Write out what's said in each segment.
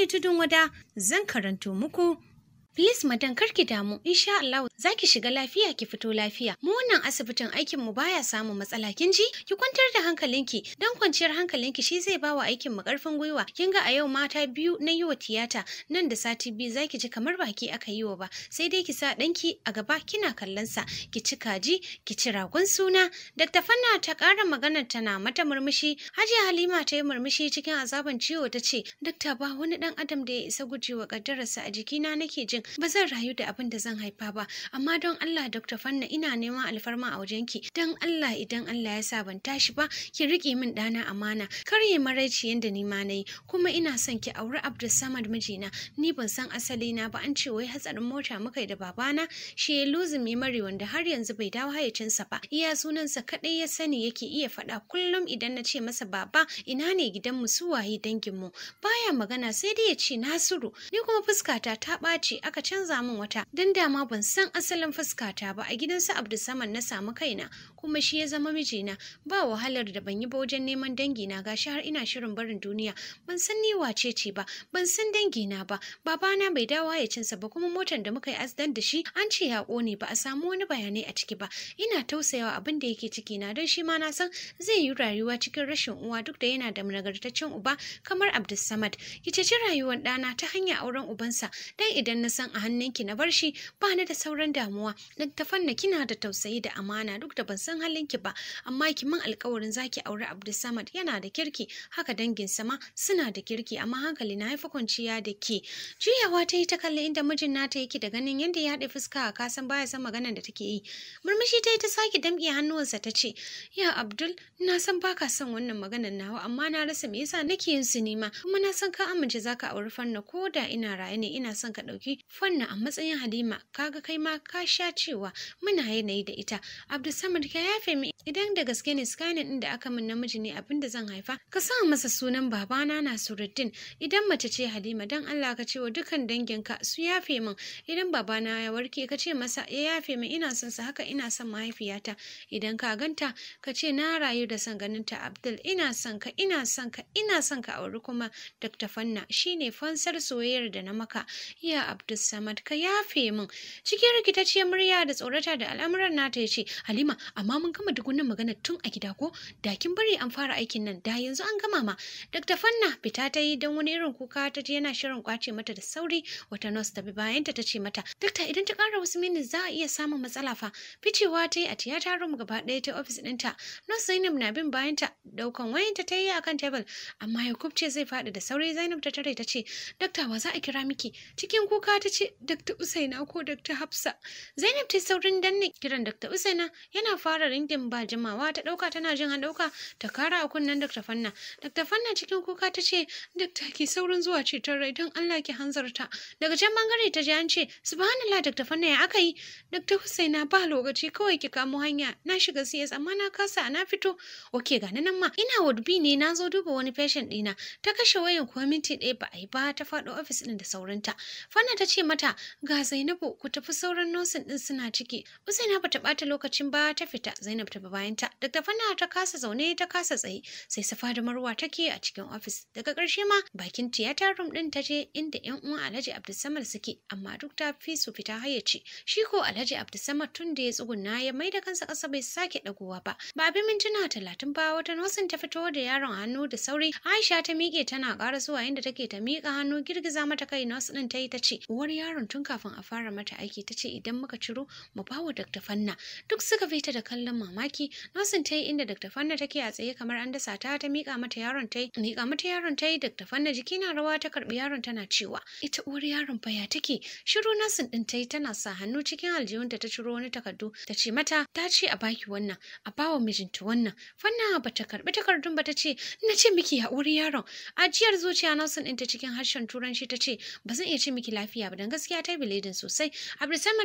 Aliyu Tudun Wada zan karanto muku Please madan kar ki damu, insha Allah za ki shiga lafiya ki fito lafiya. Mu wannan asibitin aikin mu baya samun matsala kin ji? Ki kwantar da hankalinki, dan kwanciyar hankalinki shi zai bawa aikin mu karfin gwiwa. Kin ga a yau mata biyu na yi wa tiyata, nan da sati biyu za ki ji kamar baki aka yi wa ba. Sai dai ki sa danki a gaba kina kallon sa, ki ci kaji, ki ci ragon suna. Dr. Fanna ta ƙara maganar tana mata murmushi. Hajiya Halima ta yi murmushi cikin azaban ciwo ta ce, "Dokta ba wani dan adam da ya isa gujewa kaddararsa a jikina nake jin ba zan rayu da abin da zan haifa ba amma don Allah Dr. Fanna ina neman alfarma a wajenki don Allah idan Allah ya sa ban tashi ba ki rike min ɗana amana kar ya maraici yanda ni ma nayi kuma ina son ki auri Abdulsamad mijina ni ban san asali na ba an ce wai hatsarin mota muka yi da babana shi ya lose mai mare wanda har yanzu bai dawo hayacinsa ba iya sunansa kadai ya sani yake iya faɗa kullum idan na ce masa baba ina ne gidan mu su waye danginmu baya magana sai dai ya ce Nasiru ni kuma fuskata ta ɓaci aka canza min wata don dama ban san asalin fuskata ba a gidan su saman na samu kaina kuma shi ya zama mijina ba wahalar da ban yi ba wajen neman dangi na gashi har ina shirin barin duniya ban san ni wace ce ba ban san dangi na ba babana bai dawo ya cinsa ba kuma motar da muka yi azdan da shi an ce ya kone. ba a samu wani bayanai a ciki ba ina tausayawa abin da yake ciki na don shi ma na san zai yi rayuwa cikin rashin uwa duk da yana da nagartaccen uba kamar Abdulsamad ki ceci rayuwar ɗana ta hanyar auren ubansa dan idan na san a hannunki na bar shi ba ni da sauran damuwa littafan na kina da tausayi da amana duk da ban san halin ki ba amma ki min alkawarin zaki aure Abdulsamad yana da kirki haka dangin sama suna da kirki amma hankali na haifi kwanciya da ke juyawa ta yi ta kalli inda mijin nata yake da ganin yadda ya haɗe fuska a kasan baya san maganar da take yi murmushi ta yi ta sake damƙe hannuwansa ta ce ya Abdul na san baka son wannan maganar nawa amma na rasa me yasa nake yin su nima kuma na san ka amince zaka auri fanna ko da ina raye ne ina son ka ɗauki fanna a matsayin halima kaga kai ma ka sha cewa muna yanayi da ita abdulsamad ka yafe min idan da gaske ne scanning din da aka min namiji ne abin da zan haifa ka sa masa sunan babana na suruddin idan mace ce halima dan allah ka ce wa dukkan danginka su yafe min idan babana ya warke ka ce masa ya yafe min ina son sa haka ina son mahaifiyata idan ka ganta ka ce na rayu da san ganin ta abdul ina son ka ina son ka ina son ka auri kuma dr fanna shine fansar soyayyar da na maka ya abdul Samad ka yafe min cikin rikitacciyar murya da tsorata da al'amuran nata ya ce Halima amma mun gama wannan magana tun a gida ko Dakin bari an fara aikin nan da yanzu an gama ma Dr. Fanna fita ta yi don wani irin kuka ta ji yana shirin kwace mata da sauri wata nurse ta bi bayanta ta ce mata Dr. idan ta kara wasu minit za a iya samun matsala fa ficewa ta yi a tiyatarin room gaba ɗaya ta ofis ta. nurse Zainab na bin bayan ta. daukan wayanta ta yi akan table amma Yakub ce zai faɗi da sauri Zainab ta tare ta ce Dr. wa za a kira miki cikin kuka ta ce Dr. Usaina ko Dr. Hafsa. Zainab ta saurin danne kiran Dr. Usaina yana fara ringin ba jimawa ta ɗauka tana jin an ɗauka ta kara a kunnen Dr. Fanna. Dr. Fanna cikin kuka ta ce Dr. ki saurin zuwa ceton rai don Allah ki hanzarta. Daga can bangare ta ji an ce subhanallah Dr. Fanna ya aka yi Dr. Usaina ba lokaci kawai ki kamo hanya na shiga CS amma na kasa na fito. Oke ga nan ma ina wadbi ne na zo duba wani patient ɗina ta kashe wayan kuwa minti ɗaya ba a yi ba ta faɗo ofis ɗin da saurinta. Fanna ta ce ce mata ga Zainabu ku tafi sauran nosin din suna ciki. Usaina bata bata lokacin ba ta fita Zainab ta bayan ta. da Fanna ta kasa zaune ta kasa tsaye sai safa da Marwa take a cikin ofis. Daga ƙarshe ma bakin theater room din ta je inda ƴan uwan Alhaji Abdulsamad suke amma duk ta fi su fita hayyaci. Shi ko Alhaji Abdulsamad tun da ya tsuguna ya da kansa ƙasa bai sake dagowa ba. Ba bi mintuna talatin ba wata nosin ta fito da yaron hannu da sauri Aisha ta miƙe tana ƙara zuwa inda take ta miƙa hannu girgiza mata kai nosin ɗin ta yi ta ce uwar yaron tun kafin a fara mata aiki ta ce idan muka ciro mu bawa Dr. Fanna. Duk suka bi ta da kallon mamaki. nasin ta yi inda Dr. Fanna take a tsaye kamar an dasa ta ta miƙa mata yaron ta yi. Miƙa mata yaron ta yi Dr. Fanna jiki na rawa ta karɓi yaron tana cewa ita uwar yaron fa ya take. Shiru nasin ɗin ta yi tana sa hannu cikin aljihunta ta ciro wani takardu ta ce mata ta ce a baki wannan a bawa mijinta wannan. Fanna ba ta karɓi takardun ba ta ce na ce miki ya uwar yaron. Ajiyar zuciya nasin ɗin ta cikin harshen turanci ta ce ba zan iya ce miki lafiya ba don gaskiya ta biledin sosai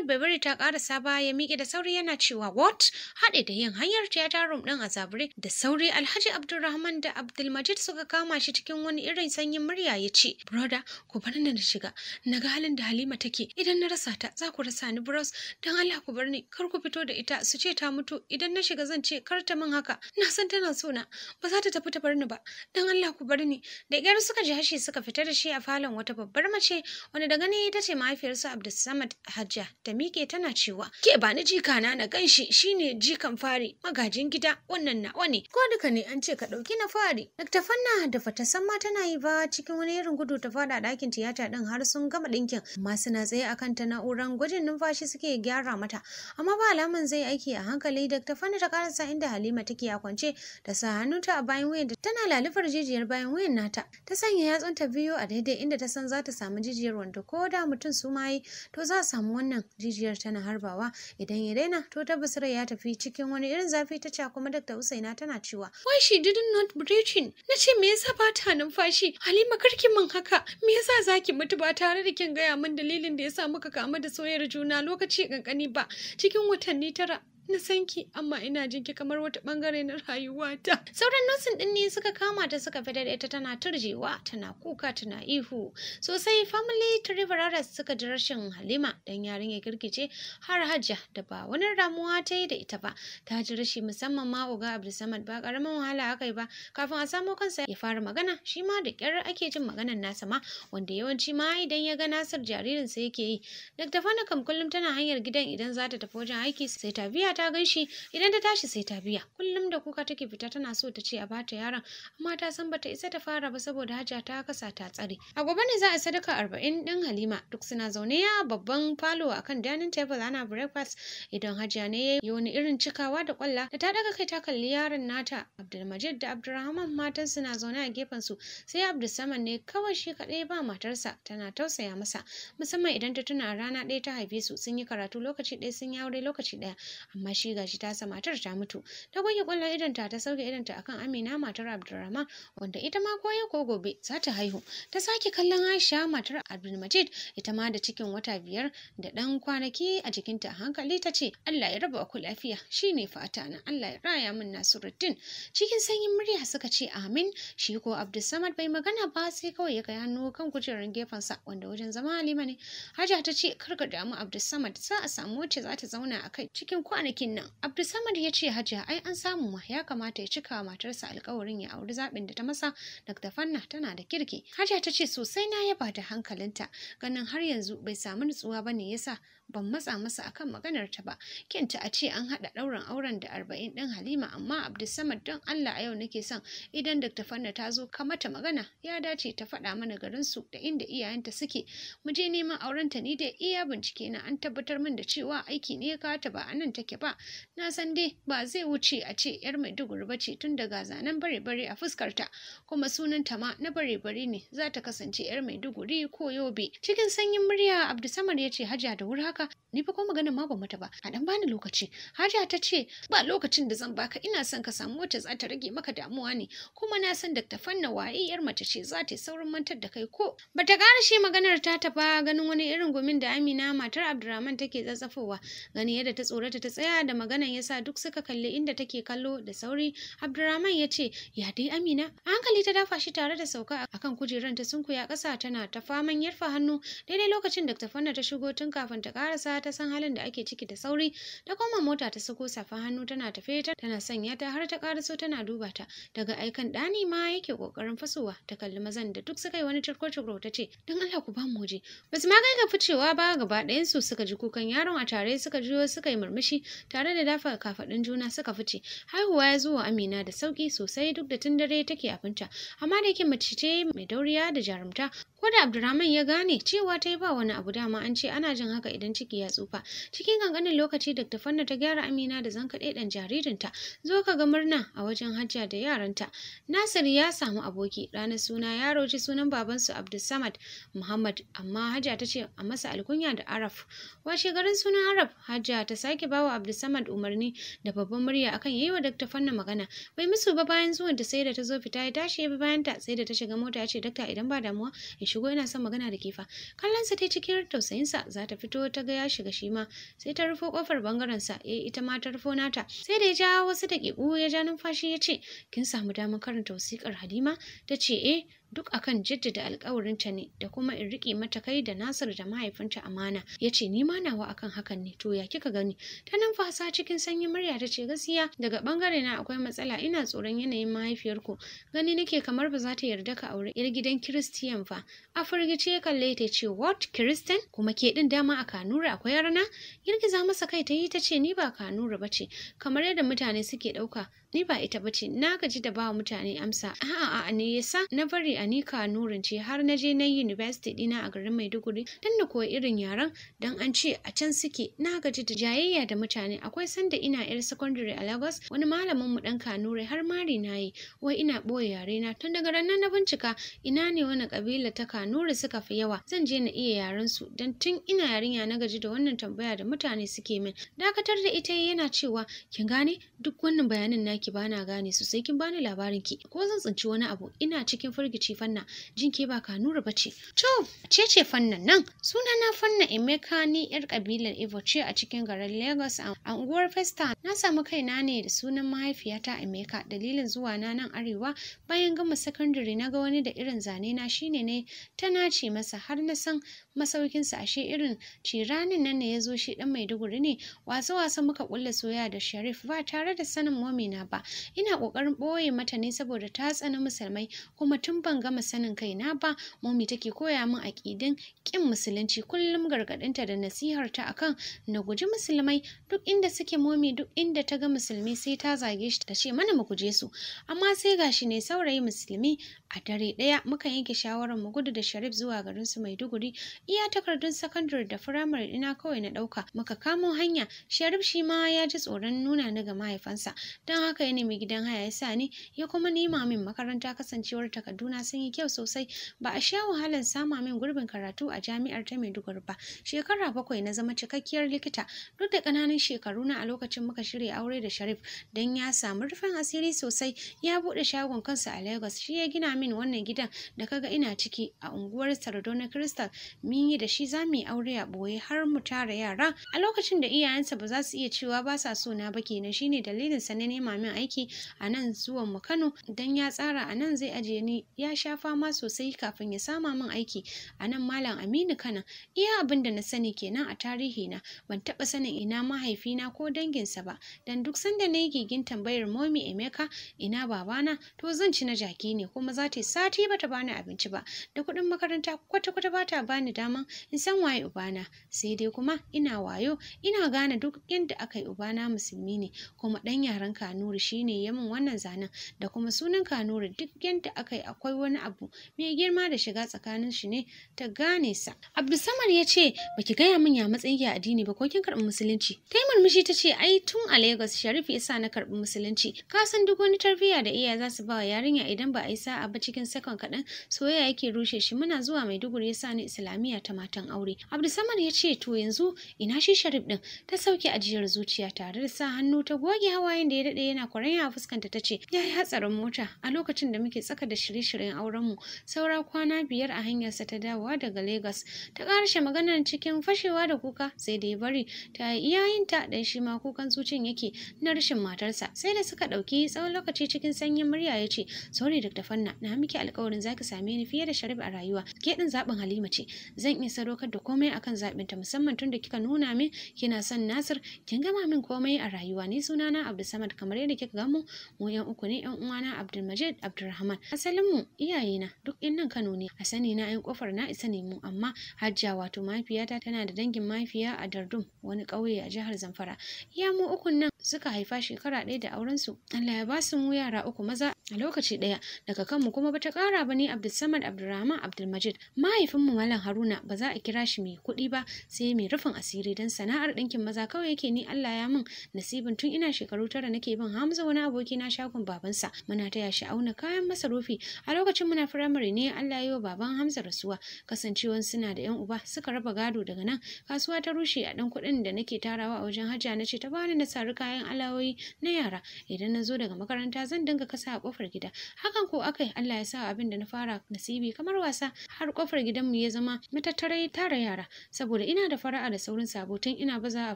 bai bari ta kara saba ya miƙe da sauri yana cewa what haɗe da yin hanyar tiyata room ɗin a da sauri alhaji abdulrahman da abdulmajid suka kama shi cikin wani irin sanyin murya ya ce broda ku bar ni na shiga na ga halin da halima take idan na rasa ta za ku rasa ni bros don allah ku bar ni kar ku fito da ita su ce ta mutu idan na shiga zan ce kar ta min haka na san tana so na ba za ta tafi ta bar ni ba don allah ku bar ni da ƙyar suka ji hashi suka fita da shi a falon wata babbar mace wanda da gani ita ce mahaifiyarsu Abdulsamad Hajja ta mike tana cewa ke ba ni jika na na ganshi shine jikan fari magajin gida wannan nawa ne ko duka ne an ce ka ɗauki na fari Dr. Fanna da fatasan ma tana yi ba cikin wani irin gudu ta fada dakin tiyata ɗin har sun gama ɗinkin amma suna tsaye akan ta na'uran gwajin numfashi suke gyara mata amma ba alaman zai aiki a hankali Dr. Fanna ta karasa inda Halima take a kwance da sa hannunta a bayan wayan tana lalufar jijiyar bayan wayan nata ta sanya yatsunta biyu a daidai inda ta san za ta samu jijiyar wanda ko da mutum su maye to za a samu wannan jijiyar tana harbawa idan ya daina to tabbas rai ya tafi cikin wani irin zafi ta ca kuma dakta Usaina tana cewa why she did not breathing na ce me yasa ba ta numfashi Halima karki min haka me yasa zaki mutu ba tare da kin gaya min dalilin da yasa muka kamu da soyar juna lokaci kankani ba cikin watanni tara na san ki amma ina jin ki kamar wata bangare na rayuwata sauran nosin din ne suka kama ta suka fita da ita tana turjewa tana kuka tana ihu sosai family triveraras suka ji rashin halima dan ya girgice har hajja da ba wani ramuwa ta yi da ita ba ta ji rashi musamman ma uga abdulsamad ba karamin wahala aka ba kafin a samo kansa ya fara magana shi ma da kyar ake jin maganar nasa ma wanda yawanci ma idan ya ga nasar jaririn sa yake yi dr fana kam kullum tana hanyar gidan idan za ta tafi wajen aiki sai ta biya ta gan shi idan ta tashi sai ta biya kullum da kuka take fita tana so ta ce a bata yaron amma ta san bata isa ta fara ba saboda haja ta kasa ta tsare a gobe ne za a sadaka arba'in din halima duk suna zaune ya babban falo akan dining table ana breakfast idan hajja ne ya yi wani irin cikawa da kwalla da ta daga kai ta kalli yaron nata abdulmajid da abdulrahman matan suna zaune a gefen su sai abdulsaman ne kawai shi kaɗai ba matarsa tana tausaya masa musamman idan ta tuna rana ɗaya ta haife su sun yi karatu lokaci ɗaya sun yi aure lokaci ɗaya amma shi gashi ta sa matar ta mutu ta goge kwallon idon ta ta sauke idon ta akan Amina matar Abdulrahman wanda ita ma koyo ko gobe za ta haihu ta sake kallon Aisha matar Abdulmajid ita ma da cikin wata biyar da dan kwanaki a jikinta a hankali ta ce Allah ya raba ku lafiya shi ne fata na Allah ya raya min Nasiruddin cikin sanyin murya suka ce amin shi ko Abdulsamad bai magana ba sai kawai ya kai hannu kan kujerar gefensa wanda wajen zama Halima ne hajja ta ce kar ka damu Abdulsamad za a samu wacce za ta zauna a kai cikin kwanaki cikin nan abdulsamad ya ce hajiya ai an samu ma ya kamata ya cika matarsa alkawarin ya auri zaɓin da ta masa dr fanna tana da kirki hajiya ta ce sosai na yaba da hankalinta ganin har yanzu bai samu nutsuwa ba ne yasa ban matsa masa akan maganar ta ba kinta a ce an haɗa ɗaurin auren da arba'in ɗin halima amma abdulsamad don allah a yau nake son idan dr fanna ta zo ka mata magana ya dace ta faɗa mana garin su da inda iyayenta suke mu je neman aurenta ni dai iya bincike na an tabbatar min da cewa aiki ne ya kawata ba a nan take ba na san dai ba zai wuce a ce yar maiduguri ba ce tun daga zanen bare-bare a fuskarta kuma sunan ta ma na bare-bare ne za ta kasance yar maiduguri ko yobe cikin sanyin murya abdulsamad ya ce haja da wuri haka ni fa ko magana ma ban mata ba a dan bani lokaci hajiya ta ce ba lokacin da zan baka ina son ka samu wacce za ta rage maka damuwa ne kuma na san Dr. Fanna waye yar mace ce za ta yi saurin mantar da kai ko ta gane shi maganar ta ta ba ganin wani irin gumin da Amina matar Abdurrahman take zazzafowa gani yadda ta tsorata ta tsaya da maganar yasa duk suka kalli inda take kallo da sauri Abdurrahman ya ce ya dai Amina a hankali ta dafa shi tare da sauka akan kujeran ta sunkuya kasa tana ta faman yarfa hannu daidai lokacin Dr. Fanna ta shigo tun kafin ta karasa ta san halin da ake ciki da sauri ta koma mota ta sako safa hannu tana tafe ta tana sanya ta har ta karaso tana duba ta daga aikan dani ma yake kokarin fasowa ta kalli mazan da duk suka yi wani cirko cirko ta ce don Allah ku ba mu waje ba su ma kai ga ficewa ba gaba ɗayan su suka ji kukan yaron a tare suka juyo suka yi murmushi tare da dafa kafaɗin juna suka fice haihuwa ya zuwa Amina da sauki sosai duk da tun dare take abinta amma da yake mace ce mai dauriya da jarumta ko da abdurrahman ya gane cewa ta yi ba wani abu dama an ce ana jin haka idan ciki ya tsufa cikin kankanin lokaci dr fanna ta gyara amina da zanka ɗaya ɗan jaririnta zo ka ga murna a wajen hajja da yaranta nasir ya samu aboki ranar suna ya roci sunan babansu abdulsamad muhammad amma hajja ta ce a masa alkunya da araf washe garin sunan araf hajja ta sake bawa abdulsamad umarni da babban murya akan yayi wa dr fanna magana bai musu ba bayan zuwan ta sai da ta zo fita ya tashi ya bi bayan sai da ta shiga mota ya ce dakta idan ba damuwa in shigo yana son magana da kifa kallon sa ta cikin tausayin sa za ta fito ta ga ya shiga shi ma sai ta rufo kofar bangaren sa eh ita ma ta rufo nata sai da ya ja wasu daƙiƙu ya ja numfashi ya ce kin samu damar karanta wasikar Halima ta ce eh duk akan jaddada alkawarinta ne da kuma in riƙe mata kai da Nasir da mahaifinta amana ya ce ni ma nawa akan hakan ne to ya kika gani ta nan fasa cikin sanyin murya ta ce gaskiya daga bangare na akwai matsala ina tsoron yanayin mahaifiyarku gani nake kamar ba za ta yarda ka aure yar gidan Kiristiyan fa a firgice ya kalle ta ce what Kiristan kuma ke din dama a Kanura akwai yarana girgiza masa kai ta yi ta ce ni ba Kanura ce." kamar yadda mutane suke ɗauka ni ba ita ba ce na gaji da ba wa mutane amsa a'a a ne yasa na bari a ni Nurin ce har na je na university dina a garin Maiduguri dan na koyi irin yaran dan an ce a can suke na gaji da jayayya da mutane akwai sanda ina yar secondary a Lagos wani malamin mu dan Kanure har mari na yi. wai ina boye yare na tun daga ran na bincika ina ne wani kabila ta Kanure suka fi yawa zan je na iya yaren su dan tun ina yarinya na gaji da wannan tambaya da mutane suke min dakatar da ita yana cewa kin gane duk wannan bayanin naki ki bana gane su sai kin bani labarin ki ko zan tsinci wani abu ina cikin firgici fanna jin ke ba kanura bace to ce ce fannan nan suna na fanna emeka ni yar kabilar ibo ce a cikin garin lagos a unguwar festa na samu kaina ne da sunan mahaifiyata emeka dalilin zuwa na nan arewa bayan gama sakandare na ga wani da irin zane na shine ne ta nace masa har na san masaukin masaukinsa ashe irin ciranin nan ne ya zo shi dan maiduguri ne wasu-wasu muka kulle soya da sharif ba tare da sanin momi na ba ina ƙoƙarin ɓoye mata ne saboda ta tsani musulmai kuma tun ban gama sanin kaina ba momi take koya min aqidin ƙin musulunci kullum gargaɗinta da nasihar ta akan na guji musulmai duk inda suke momi duk inda ta ga musulmi sai ta zage shi ta ce mana mu guje su amma sai gashi ne saurayi musulmi a dare ɗaya muka yanke shawarar mu gudu da sharif zuwa garin su maiduguri iya takardun sakandare da firamare ɗina kawai na ɗauka muka kamo hanya sharif shi ma ya ji tsoron nuna ni ga mahaifansa don haka ya nemi gidan haya ya sa ni ya kuma nema min makaranta kasancewar takarduna sun yi kyau sosai ba a sha wahalar sama min gurbin karatu a jami'ar ta maiduguri ba shekara bakwai na zama cikakkiyar likita duk da ƙananan shekaru na a lokacin muka shirya aure da sharif don ya samu rufin asiri sosai ya buɗe shagon kansa a lagos shi ya gina min min wannan gidan da kaga ina ciki a unguwar Sardona Crystal mun yi da shi za mu yi aure a boye har mu tara yara a lokacin da iyayensa ba za su iya cewa ba sa so na ba kenan shine dalilin sa na nema min aiki a nan zuwan mu Kano dan ya tsara a nan zai ajiye ni ya sha fama sosai kafin ya sama min aiki a nan Malam Aminu Kana iya abin da na sani kenan a tarihi na ban taɓa sanin ina mahaifina ko danginsa ba dan duk sanda na yi gigin tambayar Momi Emeka ina babana to zan ci na jaki ne kuma za sati sati bata bani abinci ba da kuɗin makaranta kwata kwata bata bani daman in san waye ubana sai dai kuma ina wayo ina gane duk yadda aka yi ubana musulmi ne kuma ɗan yaren kanuri shine ya min wannan zanen da kuma sunan kanuri duk yadda aka yi akwai wani abu mai girma da shiga tsakanin shi ne ta gane sa abdulsamad ya ce baki gaya min ya matsayi ki addini ba ko kin karɓi musulunci ta yi murmushi ta ce ai tun a lagos sharif yasa na karɓi musulunci ka san duk wani tarbiyya da iyaye za su ba wa yarinya idan ba a yi sa'a ba cikin sakon kaɗan soyayya yake rushe shi muna zuwa maiduguri ya sa ni islamiyya ta matan aure abdulsamad ya ce to yanzu ina shi sharif din ta sauke ajiyar zuciya tare da sa hannu ta goge hawayen da ya daɗe yana kwaranya a fuskanta ta ce ya yi hatsarin mota a lokacin da muke tsaka da shirye-shiryen aurenmu saura kwana biyar a hanyarsa ta dawowa daga lagos ta ƙarshe maganar cikin fashewa da kuka sai da ya bari ta iyayen ta dan shi ma kukan zuciyan yake na rashin matarsa sai da suka ɗauki tsawon lokaci cikin sanyin murya ya ce sorry dr fanna na miki alƙawarin zaki same ni fiye da sharib a rayuwa ke din zaɓin halima ce zan iya sadaukar da komai akan zaɓin ta musamman tunda kika nuna min kina son nasir kin gama min komai a rayuwa ni sunana Samad kamar yadda kika gamu mu yan uku ne yan uwana abdulmajid abdulrahman asalin mu iyayena duk in nan kano ne a sani na yan kofar na isa ne mu amma hajja wato mahaifiyata tana da dangin mahaifiya a dardum wani ƙauye a jihar zamfara iya mu ukun nan suka haifa shekara ɗaya da auren su. allah ya ba su mu yara uku maza a lokaci ɗaya daga kan mu kuma bata kara ba ne Abdulsamad Abdulrahman Abdulmajid mahaifinmu Malam Haruna ba za a kira shi mai kuɗi ba sai mai rufin asiri don sana'ar ɗinkin maza kawai yake ni Allah ya min nasibin tun ina shekaru tara nake bin Hamza wani aboki na shagon babansa muna taya shi auna kayan masarufi a lokacin muna firamare ne Allah ya yi wa baban Hamza rasuwa kasancewan suna da yan uba suka raba gado daga nan kasuwa ta rushe a ɗan kuɗin da nake tarawa a wajen hajja na ce ta bani na sari kayan alawoyi na yara idan na zo daga makaranta zan dinga kasa a kofar gida hakan ko akai Allah ya sa abin da na fara nasibi kamar wasa har kofar gidanmu ya zama tattare tara yara saboda ina da fara'a da saurin sabo tun ina baza a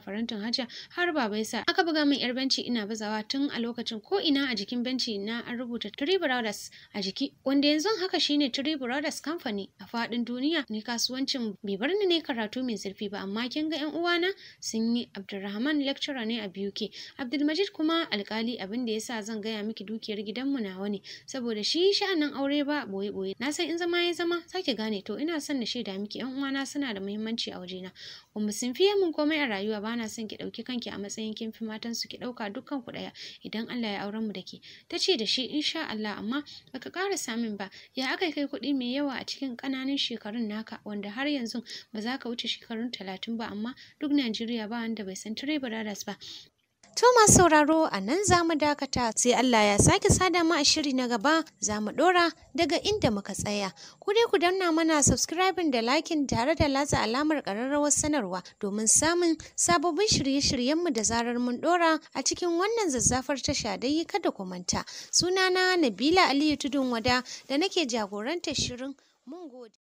farantin hajja har baba ya sa aka buga min yar benci ina bazawa tun a lokacin ko ina a jikin benci na an rubuta Three Brothers a jiki wanda yanzu haka shine Three Brothers Company a faɗin duniya ni kasuwancin bai bar ni ne karatu mai zurfi ba amma kin ga yan uwana sun yi Abdulrahman lecturer ne a BUK Abdulmajid kuma alkali abin da yasa zan gaya miki dukiyar gidanmu na wani. saboda shi sha'an sha'anin aure ba boye boye na san in zama ya zama sake gane to ina son na shaida miki yan uwana suna da muhimmanci a waje na kuma sun fiye min komai a rayuwa ba na son ki dauki kanki a matsayin kin fi matan su ki dauka dukkan ku daya idan Allah ya auren mu da ke ta ce da shi insha Allah amma baka ƙara samin ba ya aka kai kuɗi mai yawa a cikin ƙananan shekarun naka wanda har yanzu ba za ka wuce shekarun talatin ba amma duk Najeriya ba wanda bai san Trey Brothers ba To masu sauraro a nan za mu dakata sai Allah ya sake sada mu a shiri na gaba za mu ɗora daga inda muka tsaya. Ku dai ku danna mana subscribing da liking tare da latsa alamar ƙararrawar sanarwa domin samun sababbin shirye-shiryenmu da zarar mun ɗora a cikin wannan zazzafar tasha dai kada ku manta. Sunana Nabila Aliyu Tudun Wada da nake jagorantar shirin mun gode.